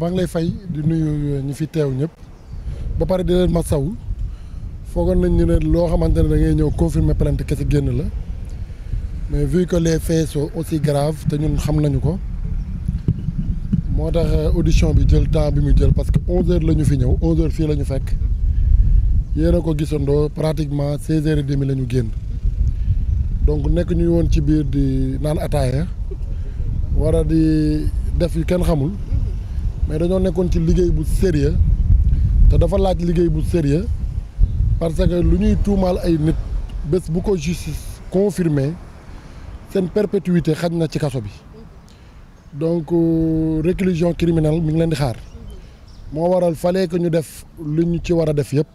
maa ngi lay fay di nuyu ñu fi teew ñëpp ba pare di leen masawu foogoon nañ ñu ne loo xamante ne da ngay ñëw confirmer plainte kese génn la mais vu que les faits sont aussi graves te ñun xam nañu ko moo tax audition bi jël temps bi mu jël parce que onze heures la ñu fi ñëw onze heures fii la ñu fekk yéen a ko gisandoo pratiquement seize heures et mi la ñu génn donc nekk ñu woon ci biir di naan ataaya war a di def yu kenn xamul mais dañoo nekkoon ci liggéey bu sérieux te dafa laaj liggéey bu sérieux parce que lu ñuy tuumaal ay nit bés bu ko justice confirmé seen perpétuité xaj na ci kaso bi donc euh, réclusion criminelle mi ngi leen di xaar moo waral fallait que ñu def lu ñu ci war a def yëpp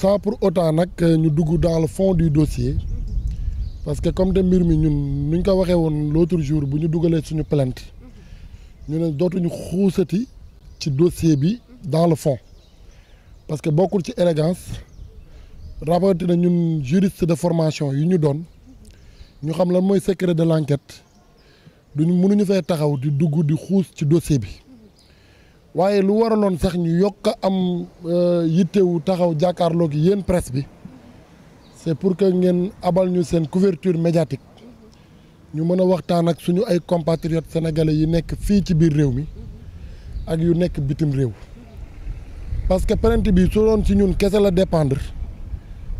sans pour autant nag ñu dugg dans le fond du dossier parce que comme de mbir mi ñun nuñ ko waxee woon l'autre jour bu ñu dugalee suñu plainte ñu ne dootuñu xuusati ci dossier bi dans le fond parce que bokkul ci élégance rawatina ñun juriste de formation yu ñu doon ñu xam lan mooy secret de l'enquête duñu mënuñu fay taxaw di dugg di xuus ci dossier bi waaye lu waraloon sax ñu yokk am euh, yittewu taxaw jàkkaarloog yéen presse bi c'est pour que ngeen abal ñu seen couverture médiatique ñu mën a waxtaan ak suñu ay compatriotes sénégalais yi nekk fii ci biir réew mi ak yu nekk bitim réew parce que plainte bi su doon ci ñun kese la dépendre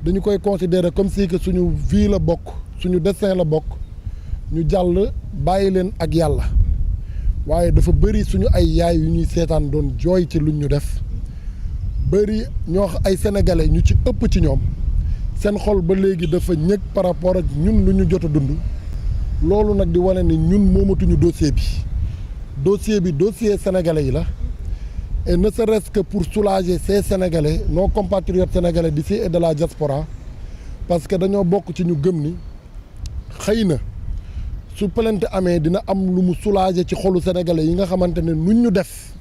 dañu koy considérer comme si que suñu vie la bokk suñu destin la bokk ñu jàll bàyyi leen ak yàlla waaye dafa bëri suñu ay yaay yu ñuy seetaan doon jooy ci luñ ñu def bëri ñoo ay sénégalais ñu ci ëpp ci ñoom seen xol ba léegi dafa ñëg par rapport ak ñun lu ñu jot a dund. loolu nag di wane ni ñun moomatuñu dossier bi dossier bi dossier sénégalais yi la et ne serait pour soulager ces sénégalais noo compatriotes sénégalais d'ici et de la diaspora parce que dañoo bokk ci ñu gëm ni xëy na su plainte amee dina am lu mu soulager ci xolu sénégalais yi nga xamante ne nuñ ñu def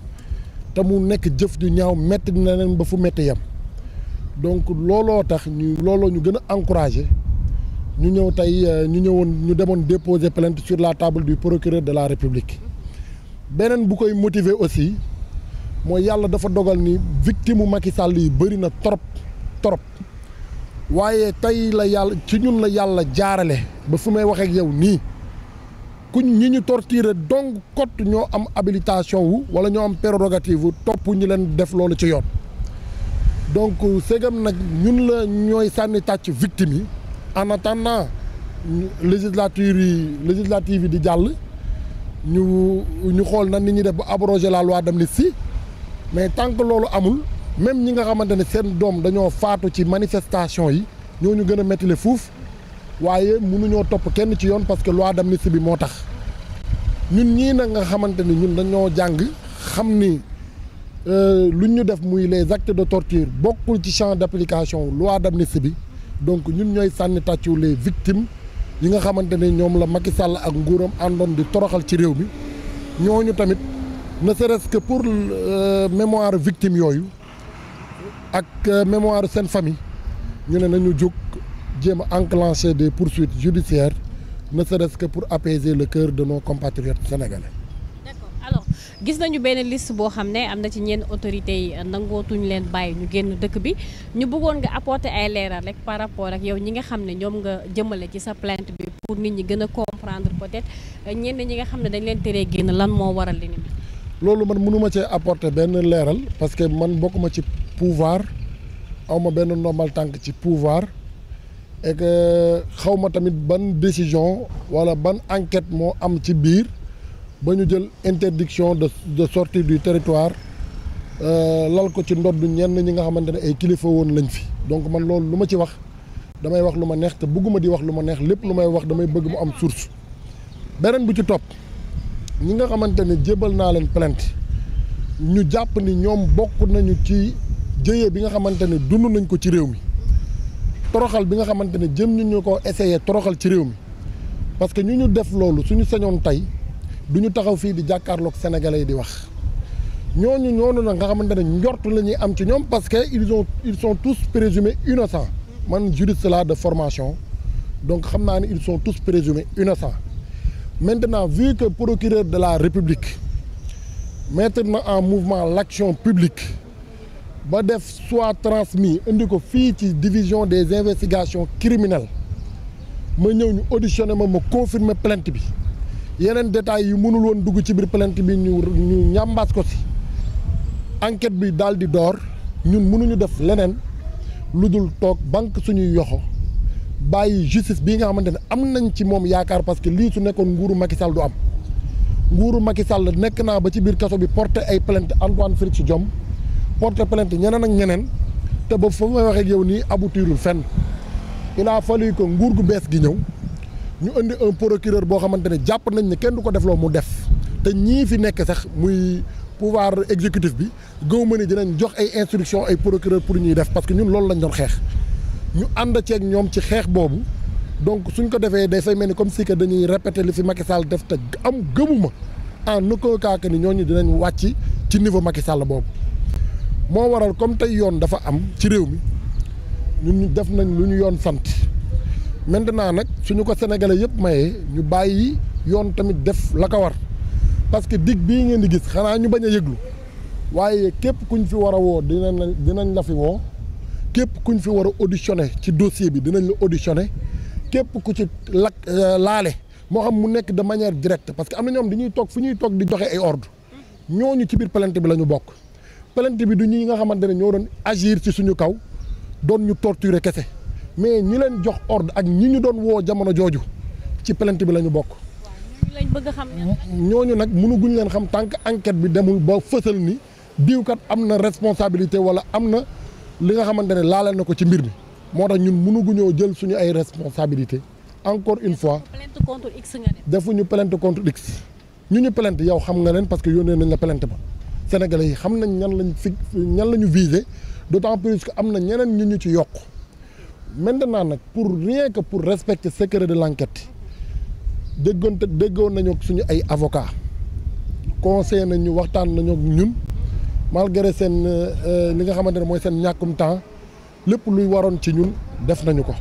te mu nekk jëf ju ñaaw metti dina leen ba fu metti yem donc looloo tax ñu looloo ñu gën a encourager ñu ñëw tey euh, ñu ñëwoon ñu demoon déposer plainte sur la table du procureur de la république beneen bu koy motiver aussi mooy yàlla dafa dogal ni victime Macky Sall yi bëri na trop trop waaye tey la yàlla ci ñun la yàlla jaarale ba fu may waxee yow nii kuñ ñi ñu torturer donc kot ñoo am habilitation wu wala ñoo am prérogative wu topp ñu leen def loolu ci yoon donc segam nag ñun la ñooy sànni tàcc victime yi. en attendant législature yi législative yi di jàll ñu ñu xool nan ni ñuy def ba abroger la loi si mais tant que loolu amul même ñi nga xamante ne seen doom dañoo faatu ci manifestation yi ñooñu gën a mettile fuuf waaye mënuñoo topp kenn ci yoon parce que loi d'amnistie bi moo tax ñun ñii nag nga xamante ni ñun dañoo jàng xam ni euh, lu ñu def muy les actes de torture bokkul ci champ d'application loi d'amnistie bi donc ñun ñooy sànni tàccu les victimes yi nga xamante ne ñoom la Macky Sall ak nguuram àndoon di toroxal ci réew mi ñooñu tamit ne serait-ce que pour euh, mémoire victime yooyu ak euh, mémoire seen famille ñu ne nañu jóg jéem a enclencher des poursuites judiciaires ne serait-ce que pour apaiser le cœur de nos compatriotes sénégalais gis nañu benn list boo xam ne am na ci ñenn autorités yi euh, nangootuñu leen bàyyi ñu génn dëkk bi ñu bëggoon nga apporter ay leeral rek par rapport ak yow ñi nga xam ne ñoom nga jëmale ci sa plainte bi pour nit ñi gën a comprendre peut-être euh, ñenn ñi nga xam ne dañ leen teree génn lan moo waral li ni loolu man mënuma cee apporter benn leeral parce que man bokkuma ci pouvoir awma benn normal tànk ci pouvoir et que xawma tamit ban décision wala ban enquête moo am ci biir ba ñu jël interdiction de de sortie du territoire euh, lal ko ci ndodd ñenn ñi nga xamante ne ay kilifa woon lañ fi donc man loolu lu ma ci wax damay wax lu ma neex te bëgguma di wax lu ma neex lépp lu may wax damay bëgg mu am source beneen bu ci topp ñi nga xamante ne jébal naa leen plainte ñu jàpp ni ñoom bokk nañu ci jëye bi nga xamante ne dund nañ ko ci réew mi toroxal bi nga xamante ne jëm ñu ñu ko essayé toroxal ci réew mi parce que ñu ñu def loolu suñu sañoon tey du ñu taxaw fii di jàkkaarloog sénégalais yi di wax ñooñu ñoonu nag nga xamante ne njort la am ci ñoom parce que ils ont ils sont tous présumés innocents man juriste la de formation donc xam naa ne ils sont tous présumés innocents maintenant vu que procureur de la république mettre na en mouvement l'action publique ba def soit transmis indi ko fii ci division des investigations criminelles ma ñëw ñu auditionné ma ma confirmer plainte bi yeneen détails yi mënul woon dugg ci biir plainte bi ñu ñu ñàmbaas ko si enquête bi daal di door ñun mënuñu def leneen lu dul toog banque suñuy yoxo bàyyi justice bii nga xamante ne am nañ ci moom yaakaar parce que lii su nekkoon nguuru Macky Sall du am nguuru Macky Sall nekk naa ba ci biir kaso bi porté ay plainte Antoine Félix Diome porté plainte ñeneen ak ñeneen te boobu fa may waxee ak yow nii aboutirul fenn il a fallu nguur gu bees gi ñëw ñu indi un procureur boo xamante ne jàpp nañ ne kenn du ko def loo mu def te ñii fi nekk sax muy pouvoir exécutif bi gëw ma ne dinañ jox ay instruction ay procureur pour ñuy def parce que ñun loolu lañ doon xeex ñu ànd ceeg ñoom ci xeex boobu donc suñ ko defee day fay mel ni comme si que dañuy répéter li fi Macky def te am gëmuma en aucun cas que ni ñoo ñooñu dinañ wàcc ci niveau Macky Sall boobu moo waral comme tey yoon dafa am ci réew mi ñun ñu def nañ lu ñu yoon sant maintenant nag suñu ko sénégalais yëpp mayee ñu bàyyi yoon tamit def la ko war parce que dig bii ngeen di gis xanaa ñu bañ a yëglu waaye képp kuñ fi war a woo dinañ la dinañ la fi woo képp kuñ fi war a auditionné ci dossier bi dinañ la auditionné képp ku ci lak euh, laale moo xam mu nekk de manière directe parce que am na ñoom dañuy toog fu ñuy toog di joxe ay ordre ñooñu ci biir plainte bi la ñu bokk plainte bi du ñi nga xamante ne ñoo doon agir ci suñu kaw doon ñu torturer kese. mais ñi leen jox ordre ak ñi ñu doon woo jamono jooju ci plainte bi la ñu bokk. ñooñu nag mënuguñ leen xam tant que enquête bi demul ba fësal ni diw am na responsabilité wala am na li nga xamante ne laaleel na ko ci mbir mi moo tax ñun mënuguñoo jël suñu ay responsabilité encore une fois. plainte contre X nga def. defuñu plainte contre X ñu ñu plainte yow xam nga leen parce que yónnee nañ la plainte ba sénégalais yi xam nañ ñan lañu fi ñan la ñu visé d' autant plus que am na ñeneen ñu ñu ci yokk. maintenant nag pour rien que pour respecter secret de l'enquête déggoonte déggoon nañu ak suñu ay avocat conseil nañu waxtaan nañu ak ñun malgré seen euh, euh, li nga xamante ne mooy seen ñàkkum temps lépp luy waroon ci ñun def nañu ko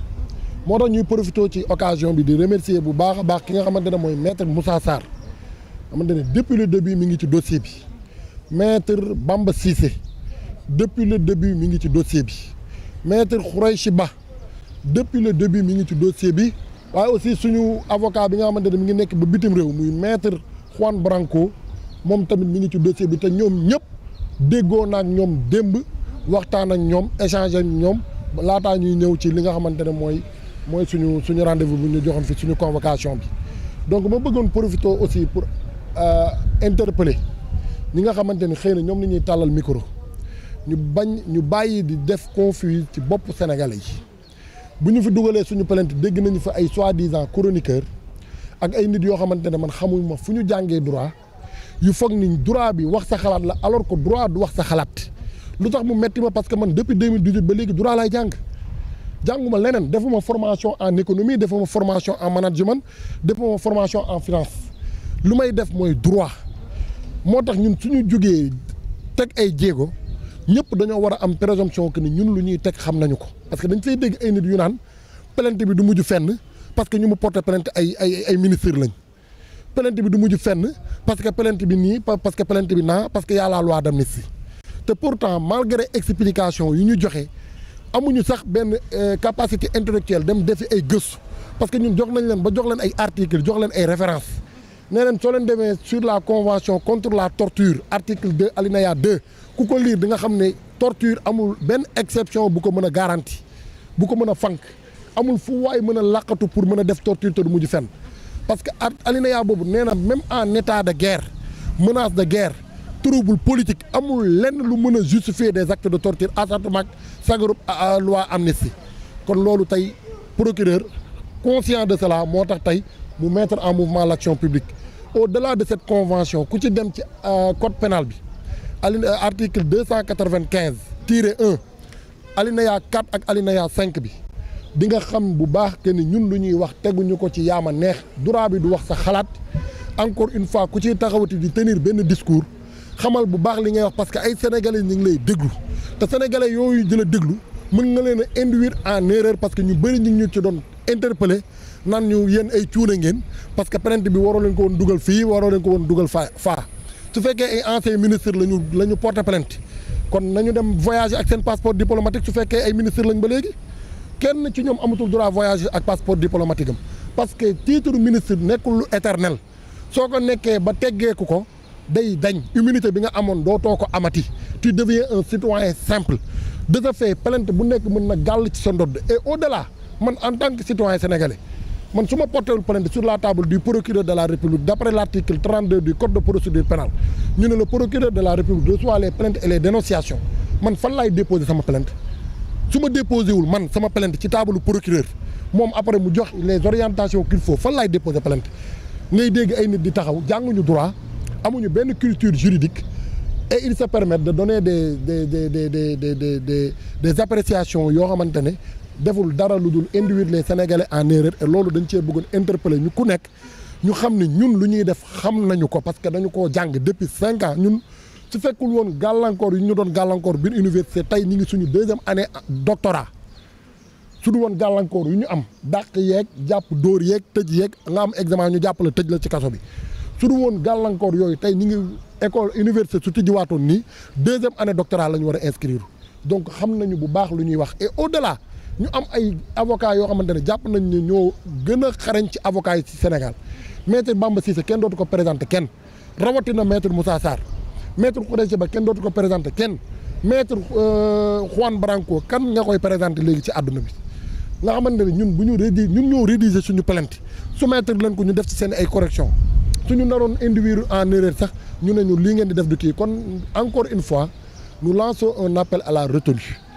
moo tax ñuy profité ci occasion bi di remercier bu baax a baax ki nga xamante ne mooy maître Moussa Sarr xamante ne depuis le début mi ngi ci dossier bi maître Bamba Cissé depuis le debut mi ngi ci dossier bi maître Khouraychi Ba depuis le début mi ngi ci dossier bi waaye aussi suñu avocat bi nga xamante ne mi ngi nekk ba bitim réew muy maître Juan Branco moom tamit mi ngi ci dossier bi te ñoom ñëpp déggoo na ak ñoom démb waxtaan ak ñoom échanger ak ñoom laataa ñuy ñëw ci li nga xamante ne mooy mooy suñu suñu rendez-vous ñu joxoon fi suñu convocation bi donc ma bëggoon profiter aussi pour euh, interpeller ñi nga xamante ni xëy na ñoom la ñuy tàllal micro ñu bañ ñu bàyyi di def conflit ci bopp sénégalais yi. bu ñu fi dugalee suñu plainte dégg nañu fa ay soi-disant chroniqueur ak ay nit yoo xamante ne man ma fu ñu jàngee droit yu foog ni droit bi wax sa xalaat la alors que droit du wax sa xalaat lu tax mu metti ma parce que man depuis 2018 ba léegi droit laay jàng jànguma leneen defuma formation en économie defuma formation en management defuma formation en finance lu may def mooy droit moo tax ñun su suñu jógee teg ay jéego ñëpp dañoo war a am présomption que ni ñun lu ñuy teg xam nañu ko parce que dañ fay dégg ay nit yu naan plainte bi du mujj fenn parce que ñu mu porté plainte ay ay lañ plainte bi du mujj fenn parce que plainte bi nii parce que plainte bi naa parce que y a la loi d'amnistie te pourtant malgré explication yu ñu joxee amuñu sax benn euh, capacité intellectuelle dem defi ay gëstu parce que ñun jox nañ leen ba jox leen ay articles jox leen ay références nee leen soo leen demee sur la convention contre la torture article 2 alinéa 2 ku ko liir di nga xam ne torture amul benn exception bu ko mën a garanti bu ko mën a fànk amul fu waay mën a laqatu pour mën a def torture te du mujj fenn parce que alinéa boobu nee na même en état de guerre menace de guerre trouble politique amul lenn lu mën a justifier des actes de torture asatuma ak sagaru loi amnistie kon loolu tey procureur conscient de cela moo tax tey mu mettre en mouvement l'action publique au-delà de cette convention ku ci dem ci euh, code pénal bi ali euh, article deux cent quatre vingt quinze tiré un alinéa quatre ak alinéa cinq bi di nga xam bu baax que ñun lu ñuy wax teguñu ko ci yaama neex droit bi du wax sa xalaat encore une fois ku ciy taxawati di tenir benn discours xamal bu baax li ngay wax parce que ay sénégalais ñu ngi lay déglu te sénégalais yooyu di la déglu mën nga leen a induire en erreur parce que ñu bëri ñu ngi ñu ci doon interpellé nan ñu yéen ay cuune ngeen parce que plainte bi waroo leen ko woon dugal fii waroo leen ko woon dugal fa faa su fekkee ay ancien ministre la ñu la ñu porté plainte kon nañu dem voyager ak seen passeport diplomatique su fekkee ay ministre lañ ba léegi kenn ci ñoom amatul droit voyager ak passeport diplomatique am parce que titre ministre nekkul lu éternel soo ko nekkee ba teggeeku ko day dañ immunité bi nga amoon dootoo ko amati tu deviens un citoyen simple de ce fait plainte bu nekk mën na gàll ci sa ndodd et au delà man en tant que citoyen sénégalais man su ma portéwul plainte sur la table du procureur de la république d' après l' article 32 du code de procédure pénale ñu ne le procureur de la république reçoit les plaintes et les dénonciations man fan laay déposer sama plainte su ma déposé wul man sama plainte ci table procureur moom après mu jox les orientations qu'il faut fan laay déposer plainte ngay dégg ay nit di taxaw jànguñu droit amuñu benn culture juridique et ils se permettent de donner des des des des des des des appréciations yoo xamante ne deful dara lu dul induire les sénégalais en erreur et loolu dañ cee bëggoon interpeller ñu ku nekk ñu xam ne ñun lu ñuy def xam nañu ko parce que dañu ko jàng depuis cinq ans ñun su fekkul woon gàllankoor yu ñu doon gàllankoor biir université tey ñu ngi suñu deuxième année doctorat su du woon gàllankoor yu ñu am dàq yeeg jàpp dóor yeeg tëj yeeg nga am examen ñu jàppale tëj la ci kaso bi su du woon gàllankoor yooyu tey ñu ngi école université su tijjiwaatoon nii deuxième année doctorat la ñu war a inscrire donc xam nañu bu baax lu ñuy wax et au delà ñu am ay avocat yoo xamante ne jàpp nañ ne ñoo gën a xarañ ci avocat yi ci Sénégal maître Bamba Cissé kenn dootu ko présenté kenn rawatina maître Moussa Sarr maître Khoureyssi Ba kenn dootu ko présenté kenn maître euh, Juan Branco kan nga koy présenté léegi ci àdduna bi nga xamante ne ñun bu ñu rédi ñun ñoo rédiger suñu plainte soumettre leen ko ñu def ci seen ay correction suñu naroon induire en erreur sax ñu ne ñu lii ngeen di def du kii kon encore une fois nous lançons un appel la retenue